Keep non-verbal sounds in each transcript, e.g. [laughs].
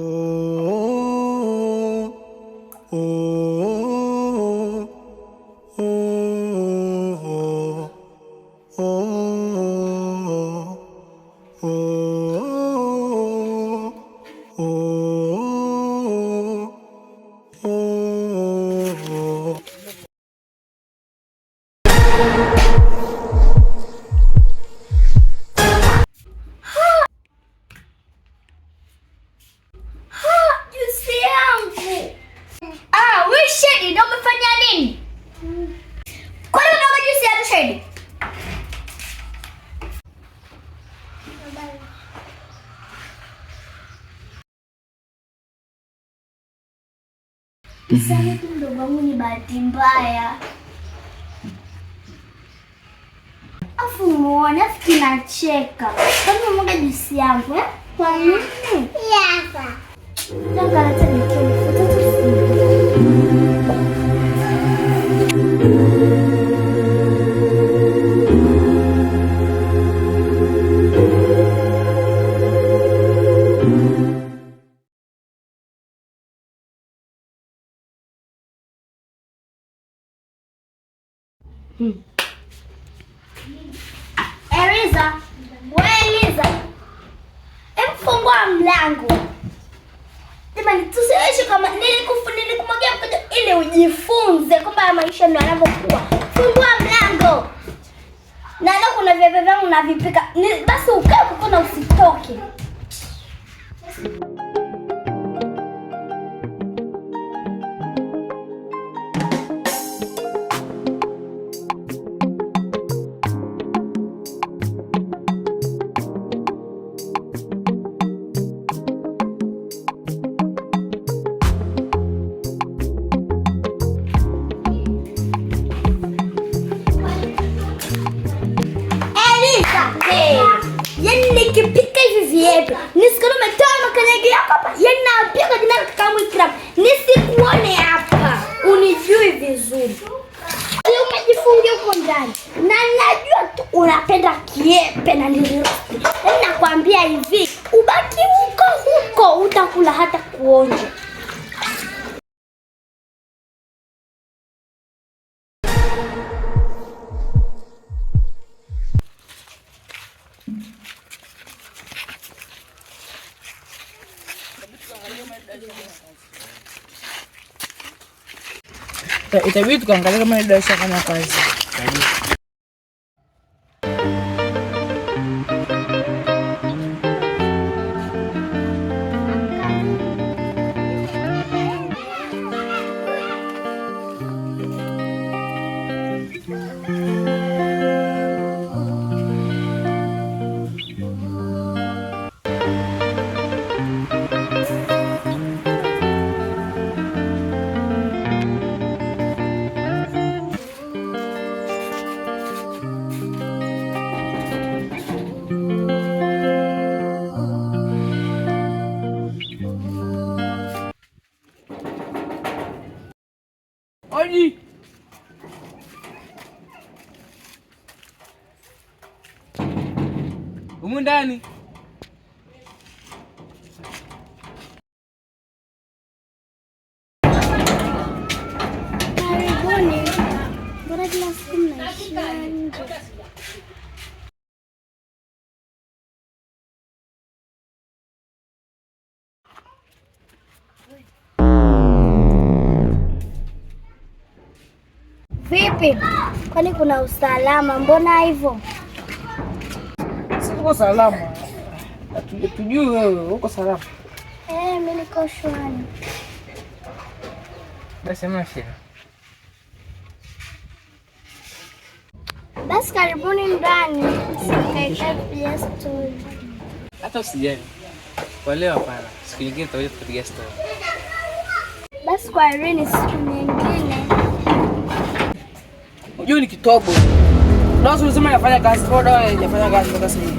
Oh. Isahivi mdogo wangu ni bahati mbaya, afu muone afiki nacheka kama mwaga juisi yangu eh? kwa Hmm. Eliza, we Eliza, emfungua mlango. Jamani, tusiishi kama nilikufu nilikumwagia mtoto ili ujifunze kwamba maisha ndio yanavyokuwa. Fungua mlango. Na leo kuna vyombo vyangu navipika. Basi ukae na usitoke. itaibidi tukaangalia kama darasa kama kazi humu ndani. Vipi? Kwani kuna usalama? Mbona hivyo? uko salama? Tujui wewe uko salama? Eh, mimi niko shwari. Basi hamna Basi karibuni ndani. Hata usijali. Kwa leo hapana. Siku nyingine tutakuja kupiga story. Basi kwa Irene siku nyingine. Unajua ni kitobo. Ndio unasema nafanya kazi, bado nafanya kazi mpaka sasa.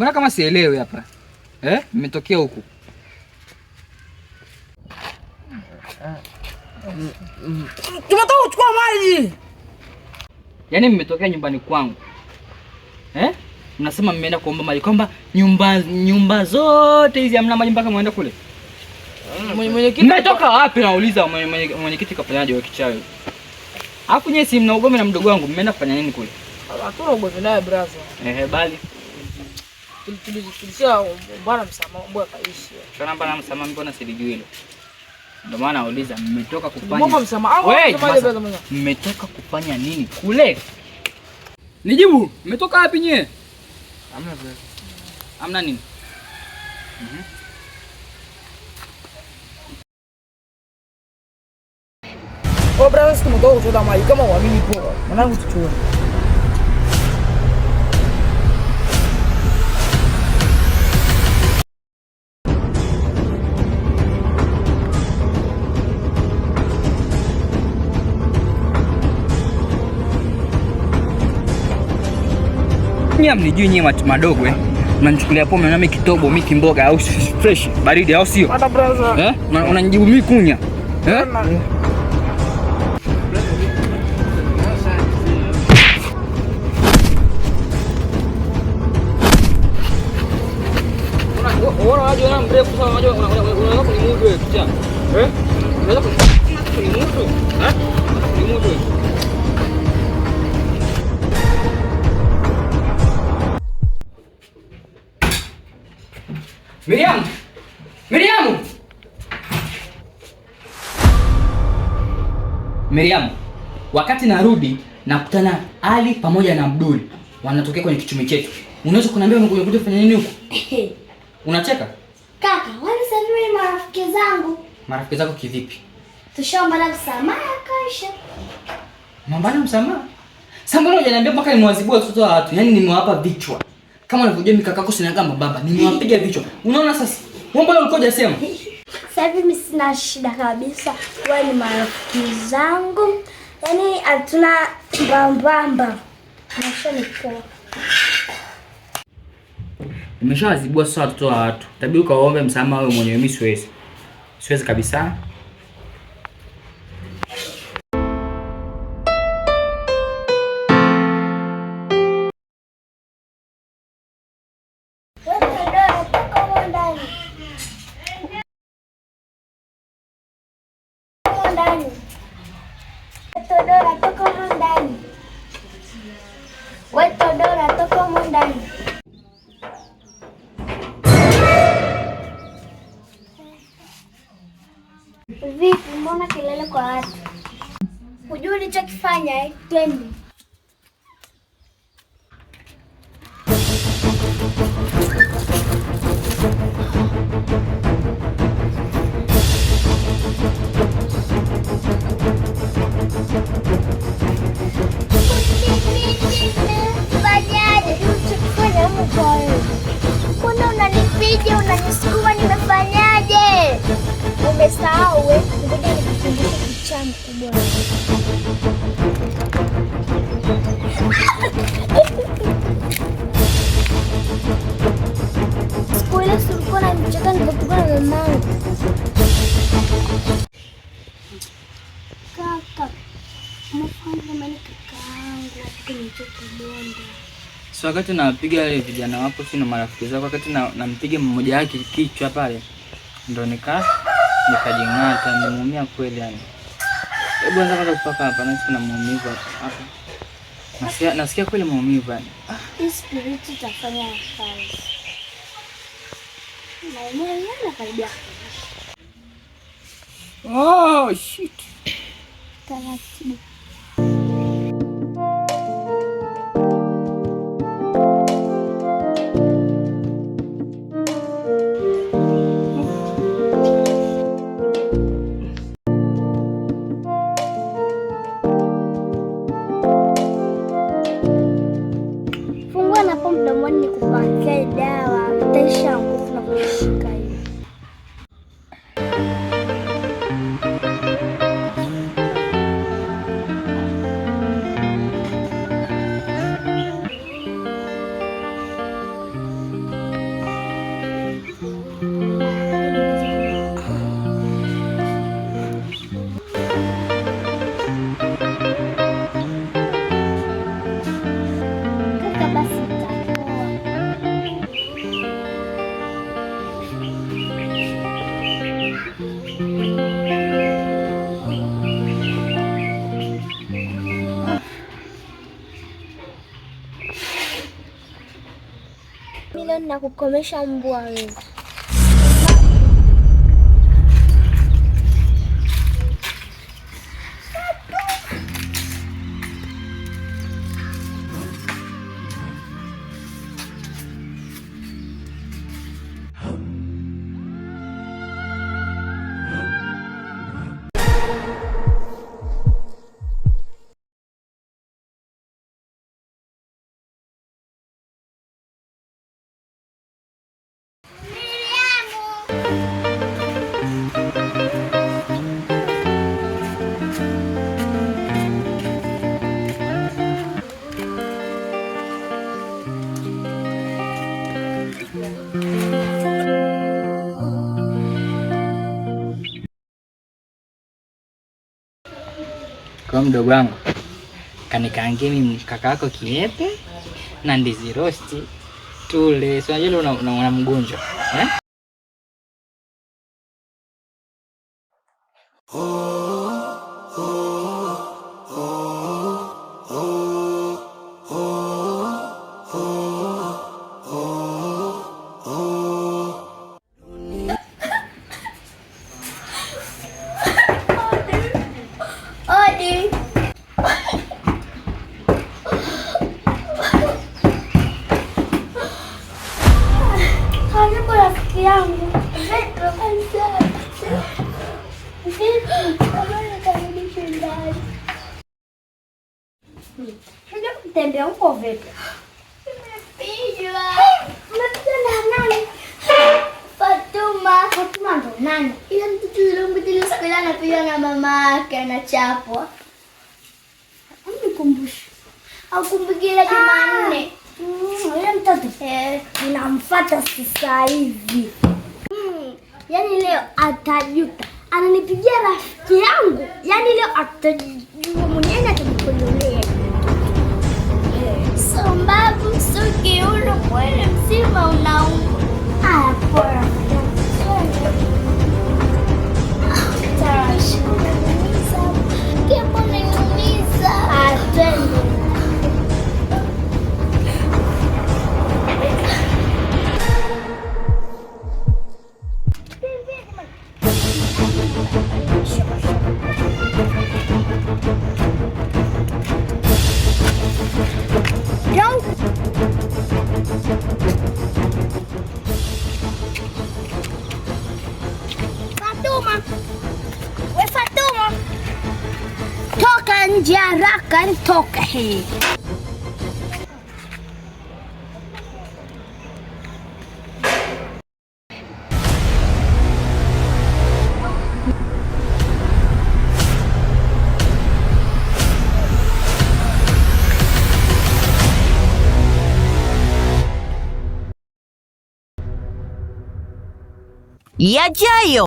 Mbona kama sielewi hapa eh? Nimetokea huku tumetoka kuchukua maji, yaani mmetokea nyumbani kwangu eh? Mnasema mmeenda kuomba maji, kwamba nyumba nyumba zote hizi hamna maji mpaka mwaenda kule. Mmetoka wapi? Nauliza mwenyekiti, kafanyaje wewe kichawi? Alafu nyie si mna ugomvi na mdogo wangu, mmeenda kufanya nini kule? Hatuna ugomvi naye brother. Ehe, bali tulizishia Bwana Ndio maana nauliza mmetoka kufanya Mmetoka kufanya nini kule? Nijibu, mmetoka wapi nyewe? Hamna bwana. Hamna nini? Mhm. Oh, brother, sikumtoa kutoka maji kama uamini kwa. Mwanangu tuchue. Nyie mnijui nyie watu madogo eh. Mnanichukulia pombe na mimi kitobo, mimi kimboga au fresh, baridi au sio? Hata brother. Eh? Unanijibu mimi kunya. Eh? Miriam! Miriam! Miriam, wakati narudi nakutana Ali pamoja na Abdul wanatokea kwenye kichumi chetu. Unaweza kuniambia umekuja kuja kufanya nini huko? [laughs] Unacheka? Kaka, wani sasa marafiki zangu. Marafiki zako kivipi? Tushaomba msamaha kaisha. Mambana msamaha? Sasa mbona hujaniambia mpaka nimewazibua watoto wa watu. Yaani nimewapa vichwa. Kama unavyojua mimi kaka yako sinagamba baba, nimewapiga vichwa. Unaona sasa? Wewe mbona ulikuwa hujasema? Sasa hivi mimi sina shida kabisa. Wewe ni marafiki zangu. Yaani hatuna mbambamba. Nasho ni poa. sasa watoto wa watu. Tabii ukaombe msamaha wewe mwenyewe, mimi siwezi. Siwezi kabisa. kelele kwa watu. Hujui ulichokifanya eh? Twende. Mbona unanipiga unanisukuma, nimefanyaje? mkubwa siku ile tulikuwa na mchaka, nikapigwa na mamangu. Kaka so wakati napiga wale vijana wako si na marafiki zako, wakati nampiga mmoja wake kichwa pale, ndo nika nikajing'ata, nimeumia kweli yani. Hebu anza kwanza kupaka hapa, nasikia kuna maumivu hapa. Nasikia nasikia kweli maumivu yani. Ah, hii spirit itafanya kazi. Na yeye Oh shit. Taratibu. milioni na kukomesha mbwa wezi. kwa mdogo wangu kanikaangeni kaka yako kiepe na ndizi rosti tule. Si unajua una, una mgonjwa eh? Lumbutili siku ile na mama yake anachapwa. Nikumbushe. Au Jumanne. Yule mtoto ah! eh, sasa hivi. yaani leo atajuta. Ananipigia rafiki yangu. Yaani leo atajua mwenyewe atakujolea. Sombabu suki ulu mzima unaungu. Ah, pora. जियारा कर तो कहे Я дяю!